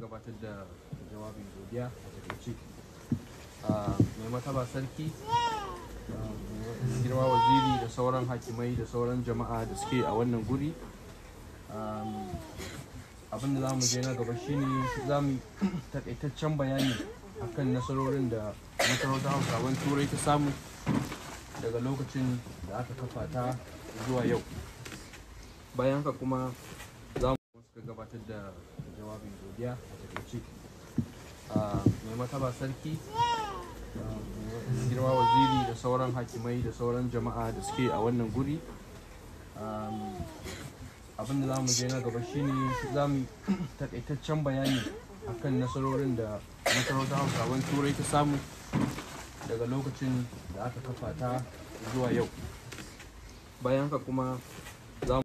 gabatar da jawabin godiya a takaice ah, mai mataba sarki girma waziri da sauran hakimai da sauran jama'a da suke a wannan guri abin da za mu je na gaba shine za mu takaitaccen bayani akan nasarorin da masarautar hausawan turai ta samu daga lokacin da aka kafa ta zuwa yau bayan haka kuma za mu gabatar da jawabin godiya a takaice ah, mai mataba sarki ah, girma waziri da sauran hakimai da sauran jama'a da suke a wannan guri abin da za mu je na gaba shine za mu takaitaccen bayani akan nasarorin da masarautar hausawan turai ta samu daga lokacin da aka kafa ta zuwa yau bayan haka kuma za mu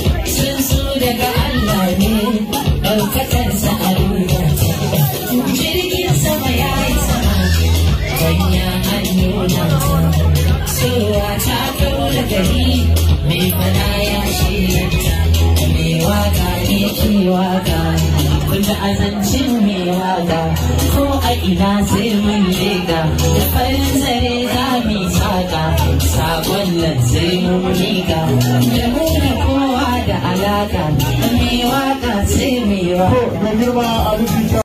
sanya hannuna sowa ta kaula gari mai fada ya shirinta mai waka ne ki waka kulla azancin mai waka ko a ina sai mun leka da farin zare za mu saka sabon nan sai mun leka da mu kowa da alaka mai waka sai mai waka